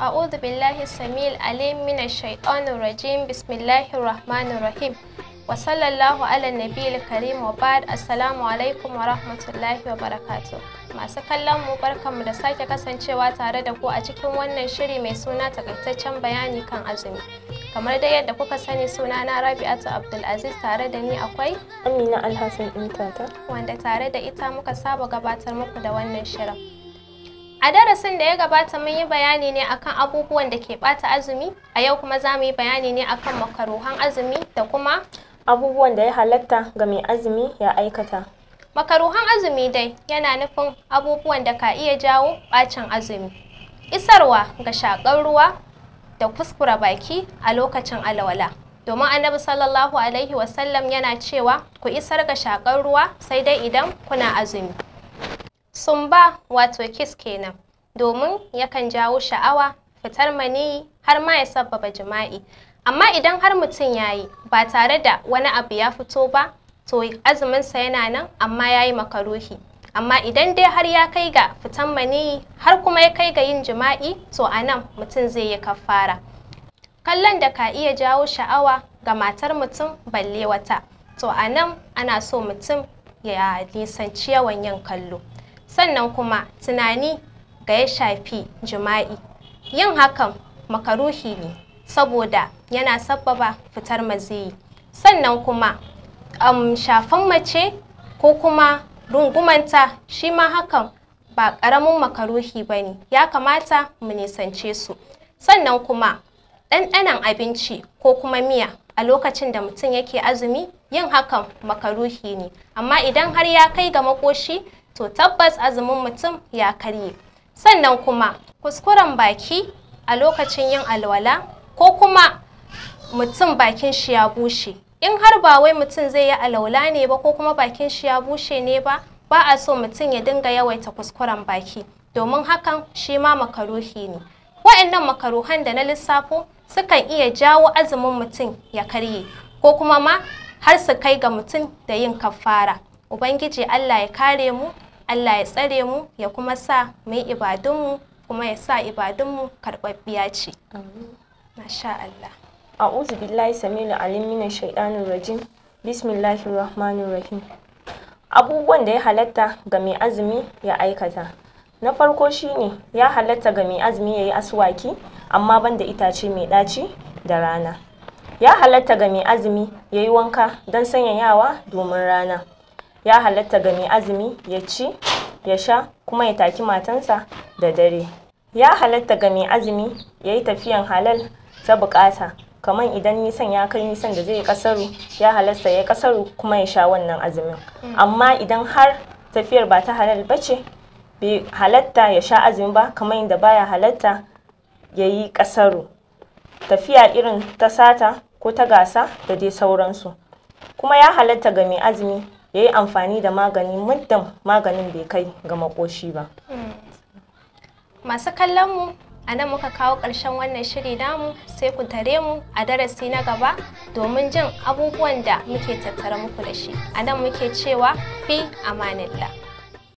أعوذ بالله السميع العليم من الشيطان الرجيم بسم الله الرحمن الرحيم وصلى الله على النبي الكريم وبعد السلام عليكم ورحمة الله وبركاته masu kallon mu barkanmu da sake kasancewa tare da ku a cikin wannan shiri mai suna takaitaccen bayani kan azumi kamar dai yadda kuka sani suna na rabi'atu abdulaziz tare da ni akwai amina alhassan intata wanda tare da ita muka saba gabatar muku da wannan shirin A darasin da ya gabata mun yi bayani ne akan abubuwan da ke ɓata azumi, a yau kuma za mu yi bayani ne akan makaruhan azumi da kuma abubuwan da ya halatta ga mai azumi ya aikata. Makaruhan azumi dai yana nufin abubuwan da ka iya jawo ɓacin azumi. Isarwa ga shaƙar ruwa da kuskura baki a lokacin alwala. domin annabi sallallahu alaihi wasallam yana cewa ku isar ga shakar ruwa sai dai idan kuna azumi Sumba wato kis kenan, domin yakan jawo sha'awa, fitar maniyi har ma ya sabbaba jima'i. Amma idan har mutum ya yi ba tare da wani abu ya fito ba, to azuminsa yana nan amma ya yi makaruhi. Amma idan dai har ya kai ga fitan maniyi har kuma ya kai ga yin jima'i, to a nan mutum zai yi kafara Kallon da ka iya jawo sha'awa ga matar mutum balle wata, to a nan ana so mutum ya nisanci yawan yin kallo. sannan kuma tunani ga ya shafi jima'i yin hakan makaruhi ne saboda yana sabbaba fitar maziyi sannan kuma um, shafan mace ko kuma rungumanta shi ma hakan ba ƙaramin makaruhi ba ne ya kamata mu nisance su sannan kuma ɗanɗanon abinci ko kuma miya a lokacin da mutum yake azumi yin hakan makaruhi ne amma idan har ya kai ga makoshi to tabbas azumin mutum ya karye sannan kuma kuskuren baki a lokacin yin alwala ko kuma mutum bakin shi ya bushe in har ba wai mutum zai yi alwala ne ba ko kuma bakin shi ya bushe ne ba ba a so mutum ya dinga yawaita kuskuren baki domin hakan shi ma makaruhi ne wa'annan makaruhan da na lissafo sukan iya jawo azumin mutum ya karye ko kuma ma har su kai ga mutum da yin kafara ubangiji Allah ya kare mu Allah ya tsare mu ya kuma sa mai yi ibadunmu kuma ya sa ibadunmu karɓaɓɓiya ce. Masha Allah. A'udhu billahi samilu alim minash shaitanir rajim. Bismillahir rahmanir rahim. Abubuwan da ya halatta ga mai azumi ya aikata. Na farko shi ne ya halatta ga mai azumi ya yi aswaki amma ban da itace mai ɗaci da rana. Ya halatta ga mai azumi ya yi wanka don sanyayawa domin rana. ya halatta ga azumi ya ci ya sha kuma ya taki matansa da dare ya halatta ga mai azumi ya yi tafiyan halal ta bukata kamar idan nisan ya kai nisan da zai yi kasaru ya halasta ya kasaru kuma ya sha wannan azumin amma idan har tafiyar ba ta halal ba ce bai halatta ya sha azumi ba kamar inda baya halatta ya yi kasaru tafiya irin ta sata ko ta gasa da dai sauransu kuma ya halatta ga azumi ya yi amfani da magani muddin maganin bai kai ga makoshi ba hmm. masu kallon mu a nan muka kawo ƙarshen wannan shiri namu sai ku tare mu a darasi na gaba domin jin abubuwan da muke tattara muku da shi a nan muke cewa fi Allah.